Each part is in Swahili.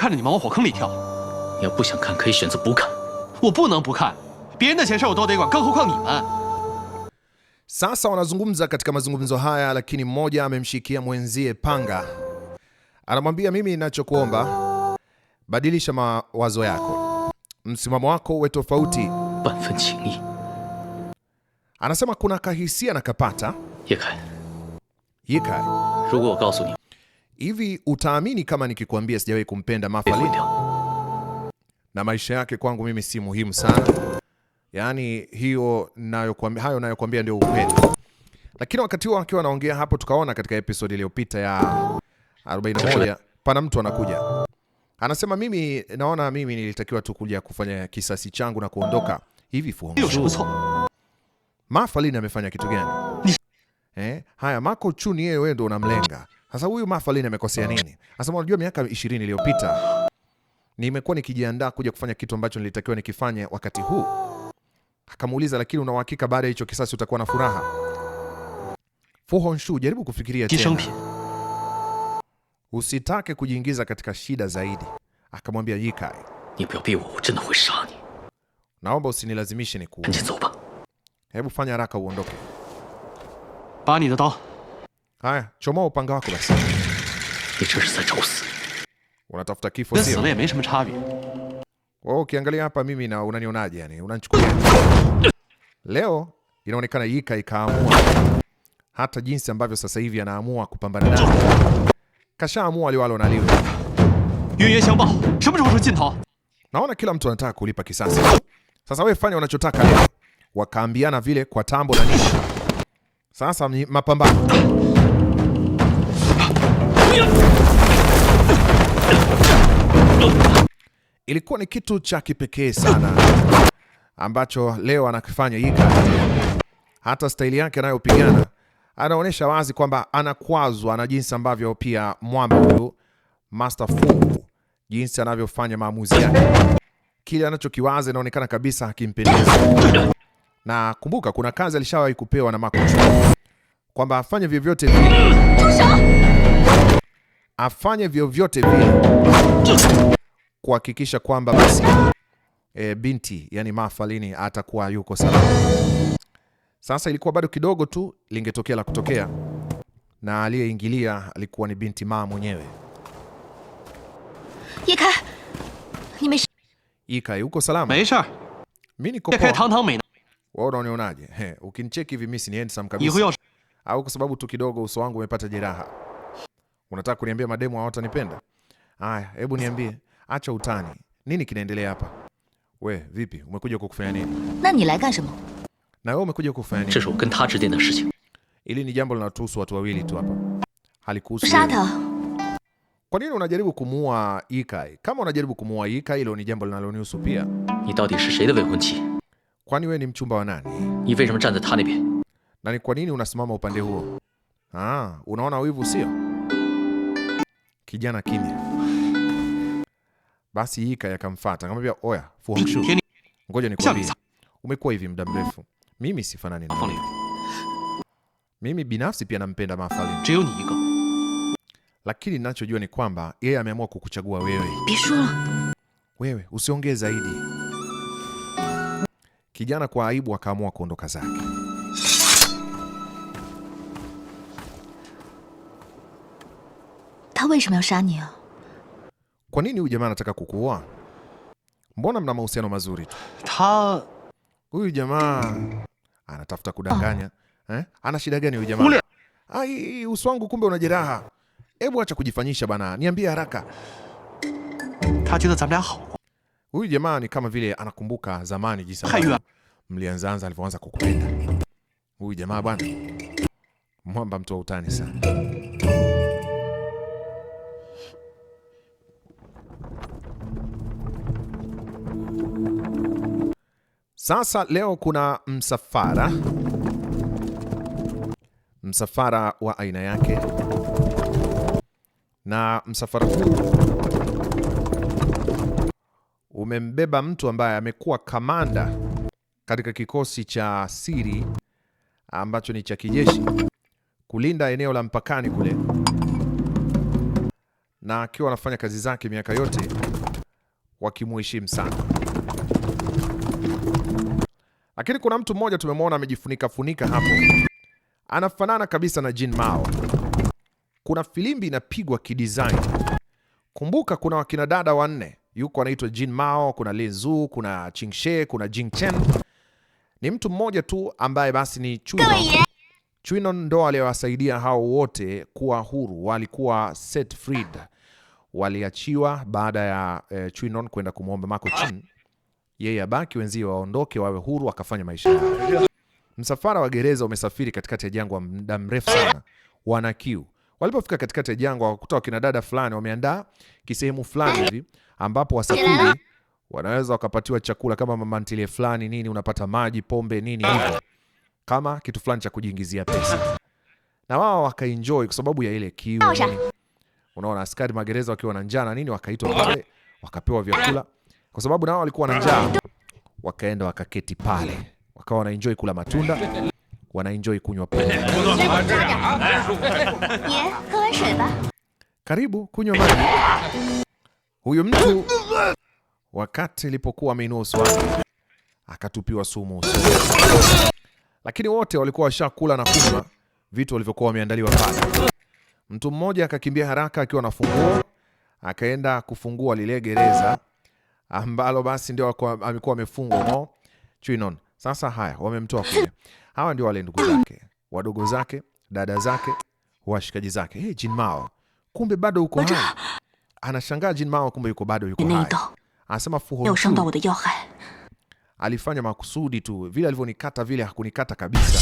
看着你们往火坑里跳。你要不想看，可以选择不看。我不能不看，别人的闲事我都得管，更何况你们。Sasa wanazungumza katika mazungumzo haya, lakini mmoja amemshikia mwenzie panga, anamwambia mimi ninachokuomba, badilisha mawazo yako, msimamo wako uwe tofauti. Anasema kuna kahisia na kapata Ye Kai, Hivi utaamini kama nikikwambia sijawahi kumpenda Mafalini? Na maisha yake kwangu mimi si muhimu sana. Yaani hiyo nayokuambia, hayo nayokuambia ndio upendo. Lakini wakati huo akiwa anaongea hapo, tukaona katika episode iliyopita ya 41 pana mtu anakuja. Anasema mimi naona mimi nilitakiwa tu kuja kufanya kisasi changu na kuondoka. Hivi Fu Hongxue. Mafalini amefanya kitu gani? Eh, haya Mako Chuni yeye wewe ndio unamlenga. Sasa huyu Mafalini amekosea nini? Anasema unajua, miaka 20 iliyopita nimekuwa nikijiandaa kuja kufanya kitu ambacho nilitakiwa nikifanye wakati huu. Akamuuliza, lakini una uhakika baada ya hicho kisasi utakuwa na furaha? Fu Hongxue, jaribu kufikiria tena, usitake kujiingiza katika shida zaidi. Akamwambia Ye Kai, naomba usinilazimishe nikuue, hebu fanya haraka uondoke. Haya, chomoa upanga wako basi. Unatafuta kifo sio? Ukiangalia hapa mimi na unanionaje yani? Unanichukulia. Leo inaonekana Yika ikaamua hata jinsi ambavyo sasa hivi anaamua kupambana naye. Kashaamua liwalo na liwe. Naona kila mtu anataka kulipa kisasi. Sasa wewe fanya unachotaka leo. Wakaambiana vile kwa tambo na nini. Sasa mapambano Ilikuwa ni kitu cha kipekee sana ambacho leo anakifanya Iga. Hata staili yake anayopigana anaonyesha wazi kwamba anakwazwa na jinsi ambavyo pia mwamba huyu Master Fu jinsi anavyofanya maamuzi yake, kile anachokiwaza inaonekana kabisa hakimpendezi. Na kumbuka kuna kazi alishawahi kupewa na Mako kwamba afanye vyovyote vile afanye vyovyote vile kuhakikisha kwamba basi e, binti yani Mafalini atakuwa yuko salama. Sasa ilikuwa bado kidogo tu lingetokea la kutokea, na aliyeingilia alikuwa ni binti Ma mwenyewe. Yika, Yika yuko salama. Mimi niko poa. Wewe unaonaje? Ukinicheki hivi mimi si handsome kabisa. Au kwa sababu tu kidogo uso wangu umepata jeraha. Unataka kuniambia mademu hawatanipenda? Haya, hebu niambie, acha utani, nini kinaendelea hapa? We vipi, umekuja kukufanya nini? Na wewe umekuja kukufanya nini? Ili ni jambo linatuhusu watu wawili tu hapa, halikuhusu kwa nini unajaribu kumuua Ikai? Kama unajaribu kumuua Ikai, hilo ni jambo linalonihusu pia. Kwani wewe ni mchumba wa nani? Na ni kwa nini unasimama upande huo? Ah, unaona wivu sio? kijana kimya. Basi hika yakamfuata akamwambia, oya Fu Hongxue, ngoja nikwambie, umekuwa hivi muda mrefu, mimi sifanani na wewe. Mimi binafsi pia nampenda Ma Fangling, lakini ninachojua ni kwamba yeye ameamua kukuchagua wewe. Wewe usiongee zaidi. Kijana kwa aibu akaamua kuondoka zake. 为什么要杀你啊？kwa nini huyu jamaa anataka kukuoa? Mbona mna mahusiano mazuri tu? Ta... huyu jamaa anatafuta kudanganya oh. Eh? ana shida gani huyu jamaa? Ai, uso wangu kumbe una jeraha. Hebu acha kujifanyisha bana, niambie haraka. Huyu jamaa ni kama vile anakumbuka zamani jinsi mlianzaanza alivyoanza kukupenda. Huyu jamaa bwana, mwamba mtu wa utani sana. Sasa leo kuna msafara, msafara wa aina yake, na msafara huu umembeba mtu ambaye amekuwa kamanda katika kikosi cha siri ambacho ni cha kijeshi kulinda eneo la mpakani kule, na akiwa anafanya kazi zake miaka yote wakimuheshimu sana. Lakini kuna mtu mmoja tumemwona amejifunika funika hapo, anafanana kabisa na Jin Mao. Kuna filimbi inapigwa kidesign. Kumbuka kuna wakina dada wanne, yuko anaitwa Jin Mao, kuna Lin Zu, kuna Ching She, kuna Jing Chen. Ni mtu mmoja tu ambaye basi ni Chuino. Chuino ndo aliyowasaidia hao wote kuwa huru, walikuwa set freed, waliachiwa baada ya eh, Chuinon kwenda kumwomba Mako Chin yeye abaki, wenzie waondoke, wawe huru, wakafanya maisha yao. Msafara wa gereza umesafiri katikati ya jangwa muda mrefu sana, wana kiu. Walipofika katikati ya jangwa, wakakuta wakina dada fulani wameandaa kisehemu fulani hivi ambapo wasafiri wanaweza wakapatiwa chakula kama mama ntilie fulani nini, unapata maji, pombe nini hivyo, kama kitu fulani cha kujiingizia pesa, na wao wakaenjoy kwa sababu ya ile kiu. Unaona askari magereza wakiwa na njaa na nini, wakaitwa pale wakapewa vyakula kwa sababu nao walikuwa na njaa, wakaenda wakaketi pale, wakawa wanaenjoi kula matunda, wanaenjoi kunywa pombe. Karibu kunywa maji. Huyu mtu wakati ilipokuwa ameinua uso wake akatupiwa sumu usoni, lakini wote walikuwa washakula na kunywa vitu walivyokuwa wameandaliwa pale. Mtu mmoja akakimbia haraka akiwa na funguo, akaenda kufungua lile gereza ambalo basi ndio amekuwa amefungwa no Chuinon. Sasa haya wamemtoa kule. Hawa ndio wale ndugu zake wadogo zake dada zake washikaji zake. Hey, Jin Mao kumbe bado uko hai. Anashangaa Jin Mao kumbe yuko bado yuko hai. Anasema Fu Hongxue alifanya makusudi tu, vile alivyonikata vile hakunikata kabisa.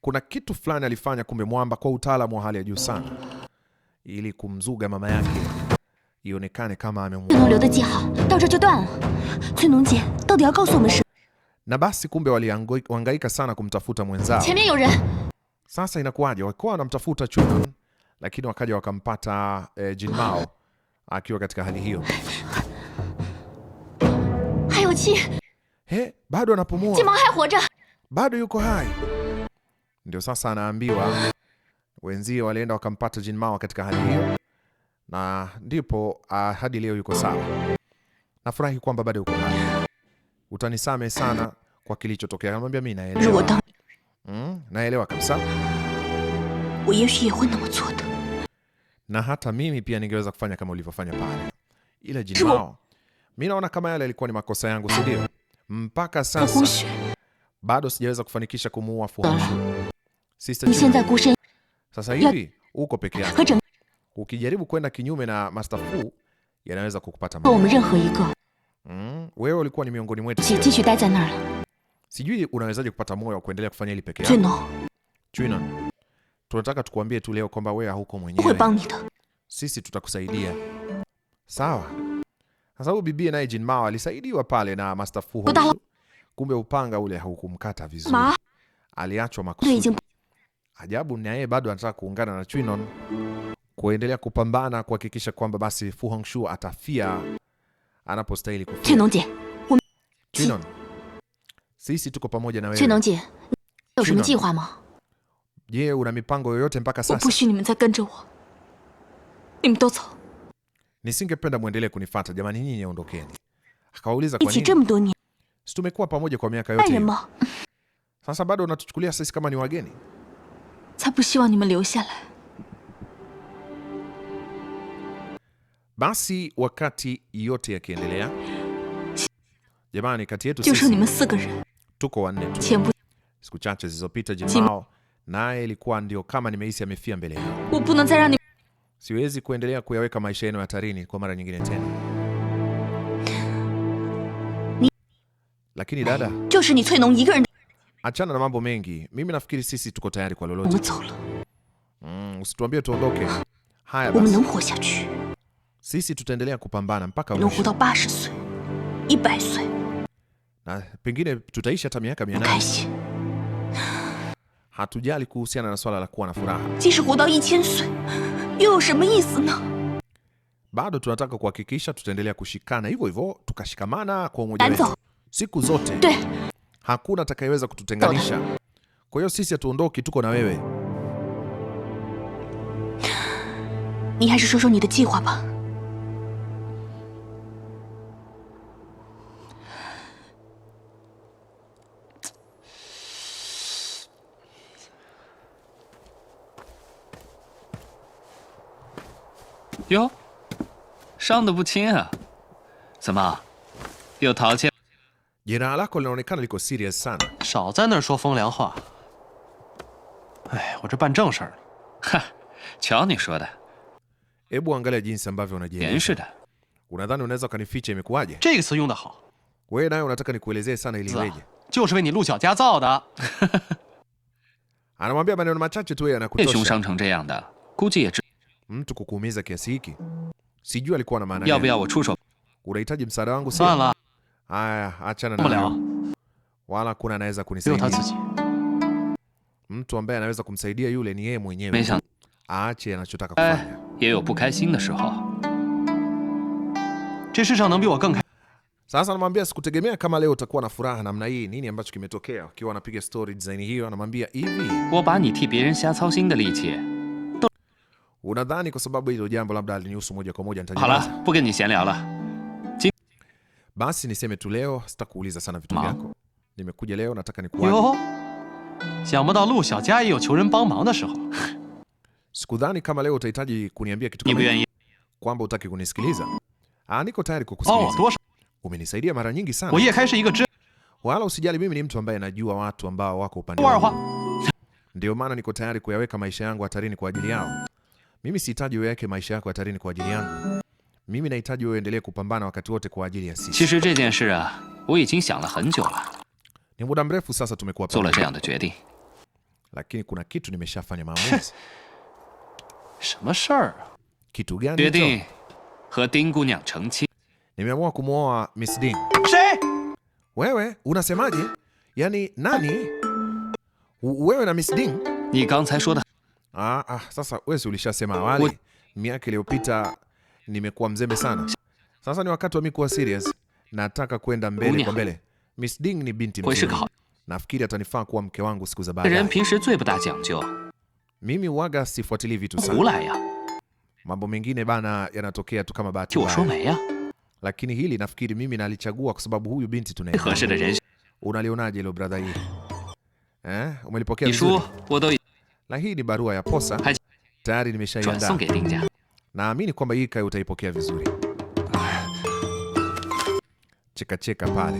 Kuna kitu fulani alifanya kumbe mwamba, kwa utaalamu wa hali ya juu sana, ili kumzuga mama yake ionekane kama Na basi kumbe waliangaika sana kumtafuta mwenzao. Sasa inakuwaje? Walikuwa wanamtafuta Chunun, lakini wakaja wakampata eh, Jin Mao akiwa katika hali hiyo. He, bado anapumua. Bado yuko hai. Ndio sasa anaambiwa wenzie walienda wakampata Jin Mao katika hali hiyo na ndipo uh, hadi leo yuko sawa. Nafurahi kwamba bado uko hai. Utanisame sana kwa kilichotokea. Anamwambia mimi naelewa. Mm, naelewa kabisa. Na hata mimi pia ningeweza kufanya kama ulivyofanya pale. Ila jinao. mimi naona kama yale yalikuwa ni makosa yangu, si ndio? Mpaka sasa bado sijaweza kufanikisha kumuua Fu Hongxue. Ah. Sasa hivi uko peke yako. Ukijaribu kwenda kinyume na master Fu yanaweza kukupata mabaya. Mm, wewe ulikuwa ni miongoni mwetu. Sijui unawezaje kupata moyo wa kuendelea kufanya hili peke yako. Chuinan. Tunataka tukuambie tu leo kwamba wewe hauko mwenyewe. Sisi tutakusaidia. Sawa. Sasa huyu bibi naye Jin Mao alisaidiwa pale na Master Fu. Kumbe upanga ule haukumkata vizuri. Aliachwa makusudi. Ajabu, naye bado anataka kuungana na Chuinon kuendelea kupambana kuhakikisha kwamba basi Fu Hongxue atafia anapostahili kufia. Um- sisi tuko pamoja na wewe. Je, una mipango yoyote mpaka sasa? Nisingependa muendelee kunifuata jamani, nyinyi ondokeni. Akawauliza kwa nini? Si tumekuwa pamoja kwa miaka yote. Sasa bado unatuchukulia sisi kama ni wageni? Basi wakati yote yakiendelea, jamani, kati yetu tuko wanne tu. Siku chache zilizopita Jimao naye ilikuwa ndio kama nimehisi amefia mbele Siwezi kuendelea kuyaweka maisha yenu hatarini kwa mara nyingine tena. Lakini dada, achana na mambo mengi. Mimi nafikiri sisi tuko tayari kwa lolote. Mm, usituambie tuondoke. Haya basi. Sisi tutaendelea kupambana mpaka na pengine tutaishi hata miaka mia nane. Hatujali kuhusiana na swala la kuwa na furaha. Bado tunataka kuhakikisha tutaendelea kushikana hivyo hivyo, tukashikamana kwa umoja wetu siku zote. Hakuna atakayeweza kututenganisha. Kwa hiyo sisi hatuondoki, tuko na wewe. 哟，伤得不轻啊！怎么，又淘气？少在那儿说风凉话！哎，我这办正事儿呢。哈，瞧你说的！别似的。这个词用得好。子，就是为你陆小家造的。叶 兄伤成这样的，估计也值。mtu kukuumiza kiasi hiki. Sijui alikuwa na maana gani. Unahitaji msaada wangu sana. Haya, achana na wala kuna anaweza kunisaidia. Mtu ambaye anaweza kumsaidia yule ni yeye mwenyewe. Aache anachotaka eh, kufanya. Sasa anamwambia sikutegemea kama leo utakuwa na furaha namna hii. Nini ambacho kimetokea? Akiwa anapiga story design hiyo anamwambia hivi. Unadhani kwa sababu hilo jambo labda alinihusu moja kwa moja nitajibu. Basi niseme tu leo sitakuuliza sana vitu vyako. Nimekuja leo nataka nikuone. Sikudhani kama leo utahitaji kuniambia kitu kama kwamba utaki kunisikiliza. Ah, niko tayari kukusikiliza. Oh, Umenisaidia mara nyingi sana. Wala usijali, mimi ni mtu ambaye najua watu ambao wako upande wangu. Ndio maana niko tayari kuyaweka maisha yangu hatarini kwa ajili yao. Mimi sihitaji wewe maisha yako hatarini kwa ajili yangu. Mimi nahitaji wewe uendelee kupambana wakati wote kwa ajili ya sisi. Ni muda mrefu sasa tumekuwa pamoja. Lakini kuna kitu nimeshafanya maamuzi. Kitu gani hicho? Nimeamua kumwoa Miss Ding. Wewe unasemaje? Yaani nani? Wewe na Miss Ding? Ah, ah, sasa wewe ulishasema awali miaka iliyopita nimekuwa mzembe sana. Sasa ni wakati wa mimi kuwa serious. Nataka kwenda mbele kwa mbele. Miss Ding ni binti mzuri. Nafikiri atanifaa kuwa mke wangu siku za baadaye. Mimi waga sifuatili vitu sana. Mambo mengine bana yanatokea tu kama bahati mbaya. Lakini hili nafikiri mimi nalichagua kwa sababu huyu binti tunaye. Unalionaje hilo brother hii? Eh, umelipokea vizuri? na hii ni barua ya posa tayari nimeshaiandaa. Naamini kwamba hii Kai utaipokea vizuri. Chekacheka pale.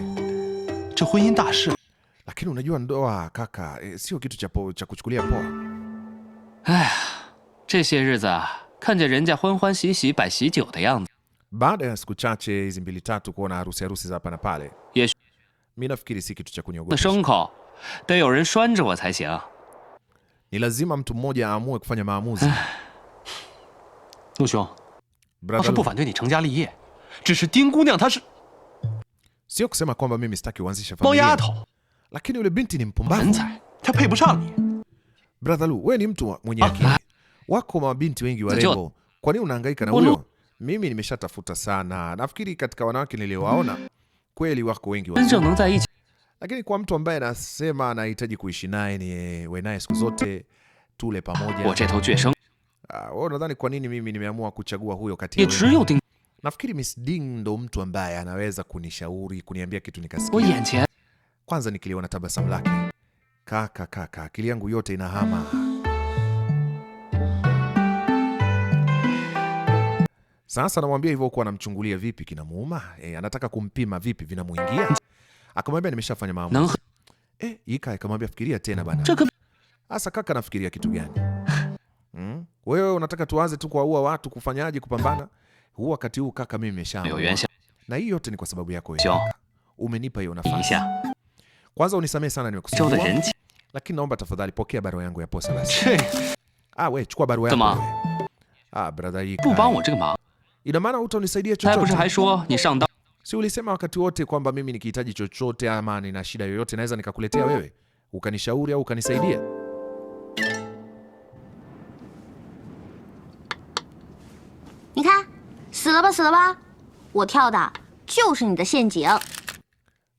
Lakini unajua ndoa kaka, e, sio kitu cha cha kuchukulia poa. Baada ya siku chache hizi mbili tatu kuona harusi harusi za hapa na pale. Mimi nafikiri si kitu cha kunyogoa. Ni lazima mtu mmoja aamue kufanya maamuzi. brother, liye, ding Sio kusema kwamba mimi sitaki uanzishe familia. Lakini yule binti ni mpumbavu. Ta pei bu ni. Brother Lu, wewe ni mtu mwenye ah, akili. Ah. Wako mabinti wengi warembo. Kwa nini unahangaika na huyo? Mimi nimeshatafuta sana. Nafikiri katika wanawake niliowaona kweli wako wengi warembo. Lakini kwa mtu ambaye anasema anahitaji kuishi naye ni eh, we naye siku zote tule pamoja. Ah, wewe unadhani kwa nini mimi nimeamua kuchagua huyo kati yao? Nafikiri Miss Ding ndo mtu ambaye anaweza kunishauri, kuniambia kitu nikasikia. Kwanza nikiliona tabasamu lake. Kaka kaka, akili yangu yote inahama. Sasa namwambia hivyo huko anamchungulia vipi kinamuuma? E, anataka kumpima vipi vinamuingia? Akamwambia nimeshafanya maamuzi. Eh, Yika akamwambia fikiria tena bana. Sasa kaka anafikiria kitu gani? Mm? Wewe unataka tuanze tu kuua watu kufanyaje kupambana? Huu wakati huu kaka mimi nimesha. Na hii yote ni kwa sababu yako wewe. Umenipa hiyo nafasi. Kwanza unisamehe sana nimekusumbua. Lakini naomba tafadhali pokea barua yangu ya posta basi. Ah, wewe chukua barua yako. Ah, brother Yika. Ina maana hutanisaidia chochote. Si ulisema wakati wote kwamba mimi nikihitaji chochote ama nina shida yoyote naweza nikakuletea mm. wewe ukanishauri au ukanisaidia? Nika, silaba silaba,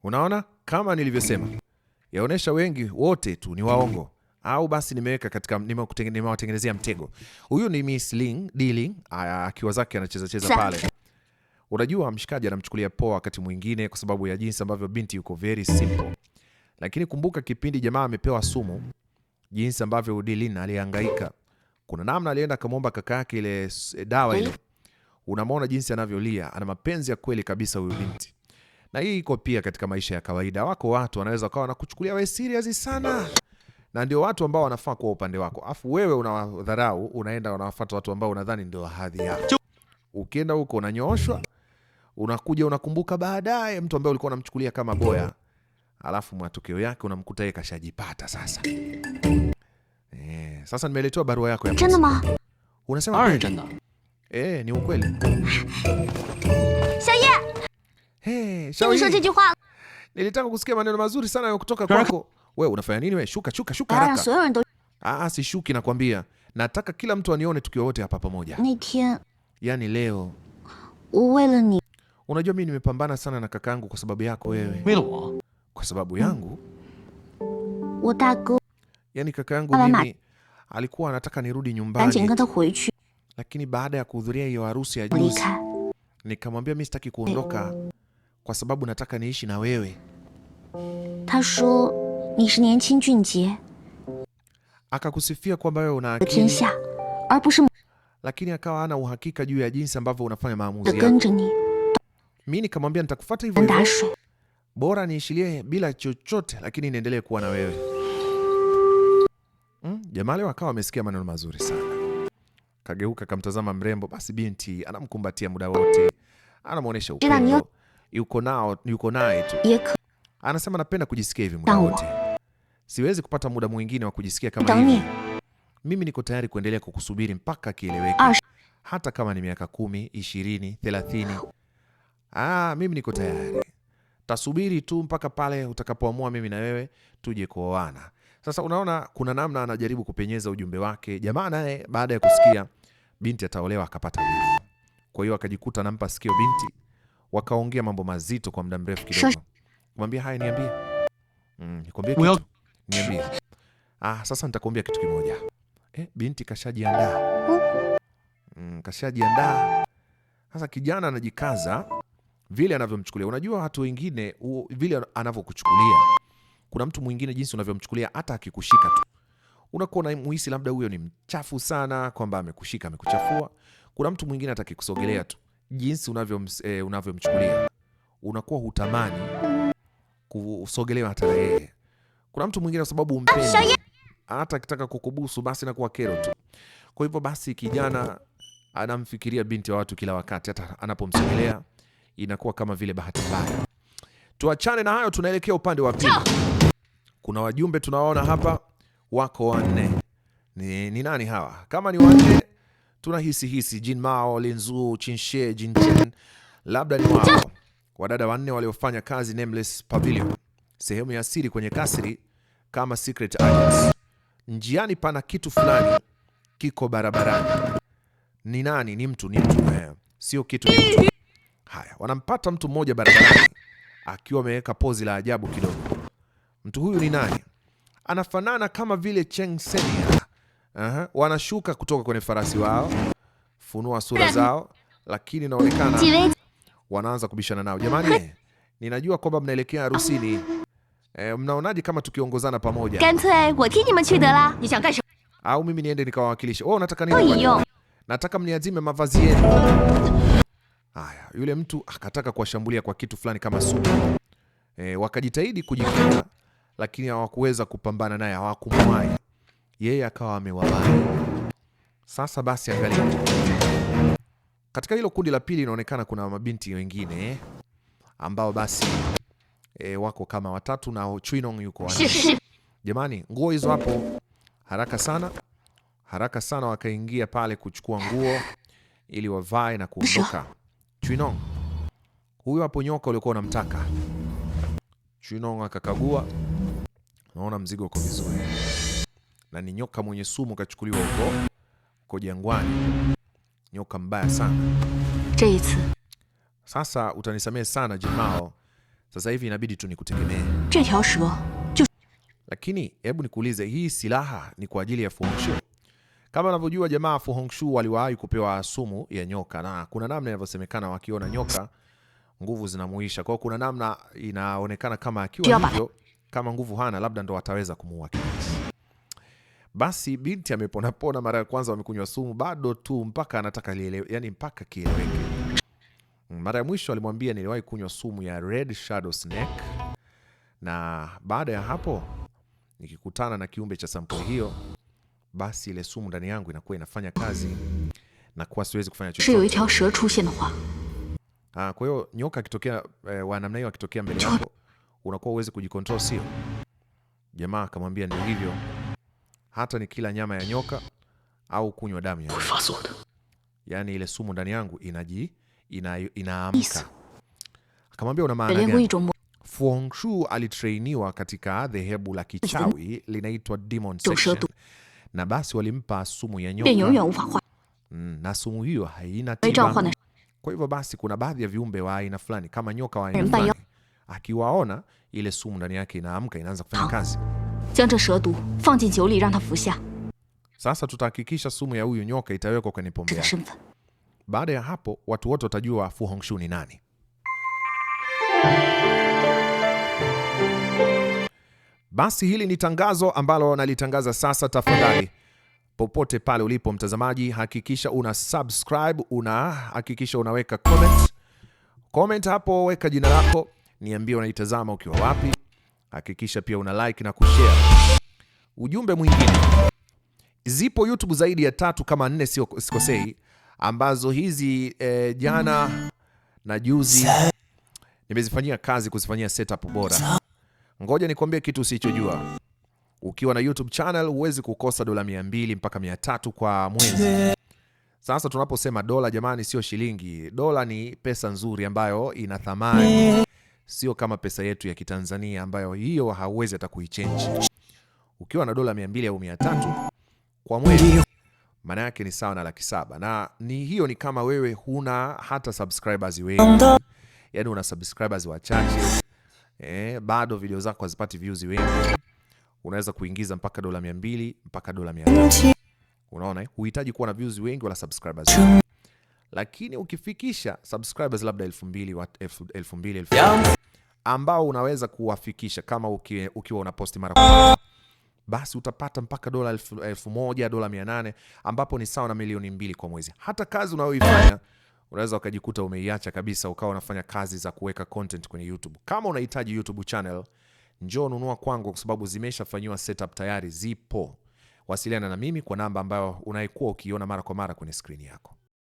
Unaona kama nilivyosema, yaonyesha wengi wote tu ni waongo au basi nimeweka katika nimewatengenezea mtego. Huyu ni Miss Ling Diling akiwa zake anachezacheza pale Unajua, mshikaji anamchukulia poa wakati mwingine, kwa sababu ya jinsi ambavyo binti yuko very simple, lakini kumbuka kipindi jamaa amepewa sumu, jinsi ambavyo Udilin alihangaika, kuna namna alienda akamwomba kaka yake ile eh, dawa ile. Unamwona jinsi anavyolia, ana mapenzi ya kweli kabisa huyu binti. Na hii iko pia katika maisha ya kawaida. Wako watu wanaweza wakawa wanakuchukulia wewe serious sana, na ndio watu ambao wanafaa kuwa upande wako, afu wewe unawadharau, unaenda unawafuata watu ambao unadhani ndio hadhi yako. Ukienda huko unanyooshwa unakuja unakumbuka baadaye mtu ambaye ulikuwa unamchukulia kama boya, alafu matokeo yake unamkuta yeye kashajipata sasa. Eh, sasa nimeletewa barua yako ya. Unasema eh, ni ukweli. Eh, nilitaka kusikia maneno mazuri sana kutoka kwako. Wewe unafanya nini wewe? Shuka, shuka, shuka haraka. Ah, ah si shuki nakwambia. Nataka kila mtu anione tukiwa wote hapa pamoja. Yani leo unajua mi nimepambana sana na kaka yangu kwa sababu yako wewe. Kwa sababu yangu, yani yangu mimi alikuwa anataka nirudi nyumbani, lakini baada ya kuhudhuria hiyo harusi ya juzi nikamwambia mi sitaki kuondoka kwa sababu nataka niishi na wewe. Akakusifia kwamba wewe una akili lakini akawa hana uhakika juu ya jinsi ambavyo unafanya maamuzi yako mi nikamwambia nitakufata hivyo hivyo, bora niishilie bila chochote, lakini niendelee kuwa na wewe. Mm, jamaa leo akawa amesikia maneno mazuri sana. Kageuka kamtazama mrembo, basi binti anamkumbatia muda wote, anamwonyesha upendo, yuko nao, yuko naye tu. Anasema napenda kujisikia hivi muda wote, siwezi kupata muda mwingine wa kujisikia kama hivi. Mimi niko tayari kuendelea kukusubiri mpaka kieleweke, ah, hata kama ni miaka kumi, ishirini, thelathini Ah, mimi niko tayari, tasubiri tu mpaka pale utakapoamua mimi na wewe tuje kuoana. Sasa unaona kuna namna anajaribu kupenyeza ujumbe wake. Jamaa naye baada ya kusikia binti ataolewa akapata wivu, kwa hiyo akajikuta anampa sikio binti, wakaongea mambo mazito kwa muda mrefu kidogo. Kumwambia haya, niambie. Mm, kitu. Niambie. Ah, sasa nitakuambia kitu kimoja. Eh, binti kashajiandaa. Mm, kashajiandaa. Sasa kijana anajikaza vile anavyomchukulia. Unajua watu wengine vile anavyokuchukulia, kuna mtu mwingine jinsi unavyomchukulia, hata akikushika tu unakuwa unamuhisi labda huyo ni mchafu sana, kwamba amekushika amekuchafua. Kuna mtu mwingine hata akikusogelea tu, jinsi eh, unavyomchukulia, unavyo unakuwa hutamani kusogelewa hata yeye. Kuna mtu mwingine kwa sababu umpendi, hata akitaka kukubusu basi nakuwa kero tu. Kwa hivyo basi kijana anamfikiria binti wa watu kila wakati, hata anapomsogelea inakuwa kama vile bahati mbaya. Tuachane na hayo, tunaelekea upande wa pili. Kuna wajumbe tunawaona hapa wako wanne. Ni, ni nani hawa? Kama ni wanne tunahisi hisi Jin Mao, Linzu, Chinshe, Jin Chen, labda ni wao wadada wanne waliofanya kazi Nameless Pavilion, sehemu ya siri kwenye kasri kama secret agents. Njiani pana kitu fulani kiko barabarani. Ni nani? Ni mtu, ni mtu, eh. sio kitu, ni mtu. Haya, wanampata mtu mmoja barabarani akiwa ameweka pozi la ajabu kidogo. Mtu huyu ni nani? Anafanana kama vile Cheng Senia. Aha, wanashuka kutoka kwenye farasi wao, funua sura zao, lakini inaonekana wanaanza kubishana nao. Jamani, ninajua kwamba mnaelekea harusini. E, mnaonaje kama tukiongozana pamoja? Au mimi niende nikawawakilisha? Wewe unataka nini? Nataka mniazime mavazi yenu. Haya, yule mtu akataka kuwashambulia kwa kitu fulani kama sumu e, wakajitahidi kujikinga, lakini hawakuweza kupambana naye, hawakumwahi yeye, akawa amewabaya. Sasa basi, angalia katika hilo kundi la pili, inaonekana kuna mabinti wengine ambao basi e, wako kama watatu na Chuinong yuko wapi? Jamani, nguo hizo hapo, haraka sana haraka sana, wakaingia pale kuchukua nguo ili wavae na kuondoka. Chinong, huyu hapo nyoka uliokuwa unamtaka. Chinong akakagua, naona mzigo uko vizuri, na ni nyoka mwenye sumu kachukuliwa huko kwa jangwani, nyoka mbaya sana. Sasa utanisamehe sana Jimao, sasa hivi inabidi tu nikutegemee, lakini hebu nikuulize, hii silaha ni kwa ajili ya Fu Hongxue? Kama unavyojua jamaa Fu Hongxue waliwahi kupewa sumu ya nyoka, na kuna namna inavyosemekana wakiona nyoka nguvu zinamuisha. Kwa hiyo kuna namna inaonekana kama akiwa hivyo, kama nguvu hana, labda ndo wataweza kumuua. Basi binti amepona pona, mara ya kwanza, wamekunywa sumu bado tu mpaka anataka lielewe, yani mpaka kieleweke. Mara ya mwisho alimwambia niliwahi kunywa sumu ya Red Shadow Snake, na baada ya hapo nikikutana na kiumbe cha sampuli hiyo basi ile sumu ndani yangu inakuwa inafanya kazi na kuwa siwezi kufanya chochote. Ah, kwa hiyo nyoka akitokea eh, wa namna hiyo akitokea mbele yako unakuwa uwezi kujikontrol, sio? Jamaa akamwambia ndio hivyo, hata ni kila nyama ya nyoka au kunywa damu ya nyoka. Yaani ile sumu ndani yangu inaji ina, inaamka. Akamwambia una maana gani? Fu Hongxue alitrainiwa katika dhehebu la kichawi linaitwa Demon Section na basi walimpa sumu ya nyoka mm, na sumu hiyo haina tiba. Kwa hivyo basi kuna baadhi ya viumbe wa aina fulani kama nyoka wa aina fulani akiwaona ile sumu ndani yake inaamka inaanza kufanya kazi. Sasa tutahakikisha sumu ya huyu nyoka itawekwa kwenye pombe yake. Baada ya hapo watu wote watajua Fu Hongxue ni nani. Basi hili ni tangazo ambalo nalitangaza sasa. Tafadhali popote pale ulipo mtazamaji, hakikisha una subscribe, una hakikisha unaweka comment. Comment hapo, weka jina lako, niambie unaitazama ukiwa wapi. Hakikisha pia una like na kushare. Ujumbe mwingine, zipo YouTube zaidi ya tatu kama nne, sio sikosei, ambazo hizi eh, jana na juzi nimezifanyia kazi kuzifanyia setup bora Ngoja nikwambie kitu usichojua. Ukiwa na YouTube channel huwezi kukosa dola mbili mpaka tatu kwa mwezi. Sasa tunaposema dola, jamani, sio shilingi. Dola ni pesa nzuri ambayo ina thamani, sio kama pesa yetu ya Kitanzania ambayo hiyo hauwezi hata kuichange. Ukiwa na dola mbili au tatu kwa mwezi maana yake ni sawa na laki saba na ni hiyo, ni kama wewe huna hata subscribers wengi, yaani una subscribers wachache eh, bado video zako hazipati views wengi, unaweza kuingiza mpaka dola 200 mpaka dola 500. Unaona, eh? huhitaji kuwa na views wengi wala subscribers, lakini ukifikisha subscribers labda 2000 2000 ambao unaweza kuwafikisha kama ukiwa, ukiwa una posti mara kwa basi utapata mpaka dola elfu moja dola mia nane ambapo ni sawa na milioni mbili kwa mwezi. Hata kazi unayoifanya unaweza ukajikuta umeiacha kabisa, ukawa unafanya kazi za kuweka content kwenye YouTube. Kama unahitaji YouTube channel, njoo nunua kwangu, kwa sababu zimeshafanyiwa setup tayari, zipo. Wasiliana na mimi kwa namba ambayo unaikuwa ukiiona mara kwa mara kwenye skrini yako.